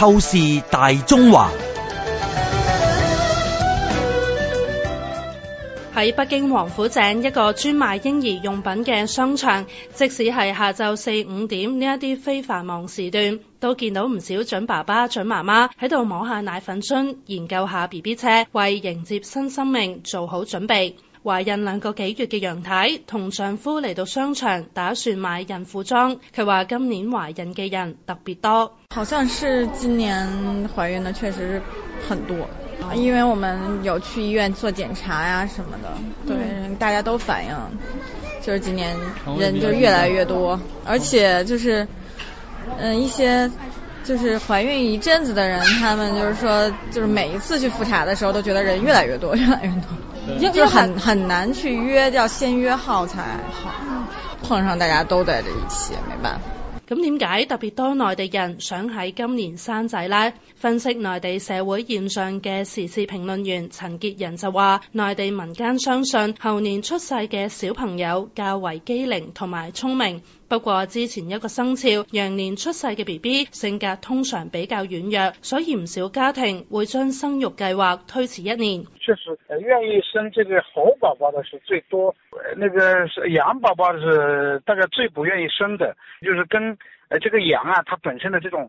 透視大中華。喺北京王府井一個專賣嬰兒用品嘅商場，即使係下晝四五點呢一啲非繁忙時段，都見到唔少準爸爸、準媽媽喺度摸下奶粉樽，研究下 BB 車，為迎接新生命做好準備。懷孕兩個幾月嘅楊太同丈夫嚟到商場，打算買孕婦裝。佢話：今年懷孕嘅人特別多。好像是今年懷孕嘅確實很多，因為我們有去醫院做檢查呀、啊，什麼的。對，大家都反映，就是今年人就越來越多，而且就是，嗯，一些。就是懷孕一陣子的人，他們就是說，就是每一次去複查的時候，都覺得人越來越多，越來越多，就是很很難去約，要先約號才好，碰上大家都在這一起沒辦法。咁點解特別多內地人想喺今年生仔咧？分析內地社會現象嘅時事評論員陳潔仁就話，內地民間相信猴年出世嘅小朋友較為機靈同埋聰明。不過之前一個生肖羊年出世嘅 BB 性格，通常比較軟弱，所以唔少家庭會將生育計劃推遲一年。確實，願意生這個猴寶寶的是最多，那個羊寶寶是大家最不願意生的，就是跟誒這個羊啊，它本身的這種。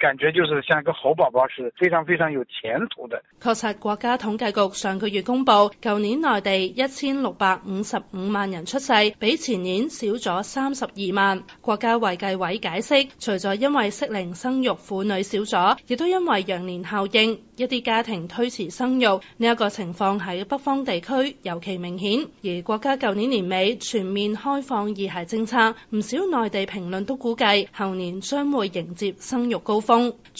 感覺就是像一個猴寶寶，是非常非常有前途的。確實，國家統計局上個月公布，舊年內地一千六百五十五萬人出世，比前年少咗三十二萬。國家衛計委解釋，除咗因為適齡生育婦女少咗，亦都因為羊年效應，一啲家庭推遲生育，呢一個情況喺北方地區尤其明顯。而國家舊年年尾全面開放二孩政策，唔少內地評論都估計，後年將會迎接生育高峰。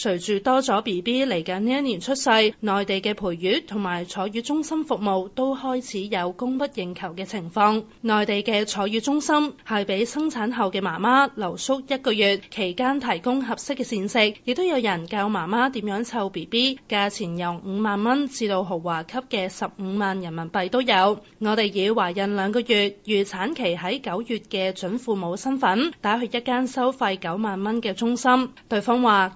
隨住多咗 B B 嚟緊呢一年出世，內地嘅陪月同埋坐月中心服務都開始有供不應求嘅情況。內地嘅坐月中心係俾生產後嘅媽媽留宿一個月，期間提供合適嘅膳食，亦都有人教媽媽點樣湊 B B，價錢由五萬蚊至到豪華級嘅十五萬人民幣都有。我哋以懷孕兩個月，預產期喺九月嘅準父母身份，打去一間收費九萬蚊嘅中心，對方話。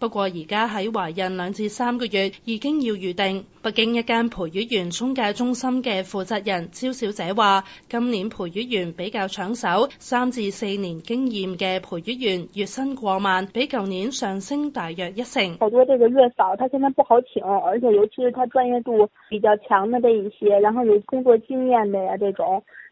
不過而家喺懷孕兩至三個月已經要預定。北京一間陪月員中介中心嘅負責人焦小姐話：今年陪月員比較搶手，三至四年經驗嘅陪月員月薪過萬，比舊年上升大約一成。好多這個月嫂，他現在不好請，而且尤其是他專業度比較強的這一些，然後有工作經驗的呀這種。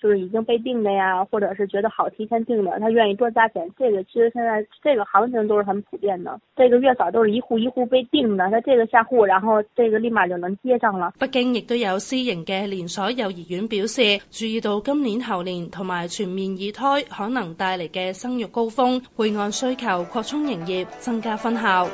就是已經被定的呀，或者是覺得好提前定的，他願意多加錢，這個其實現在這個行情都是很普遍的。這個月嫂都是一戶一戶被定的，他這個下戶，然後這個立馬就能接上了。北京亦都有私營嘅連鎖幼兒園表示，注意到今年後年同埋全面二胎可能帶嚟嘅生育高峰，會按需求擴充營業，增加分校。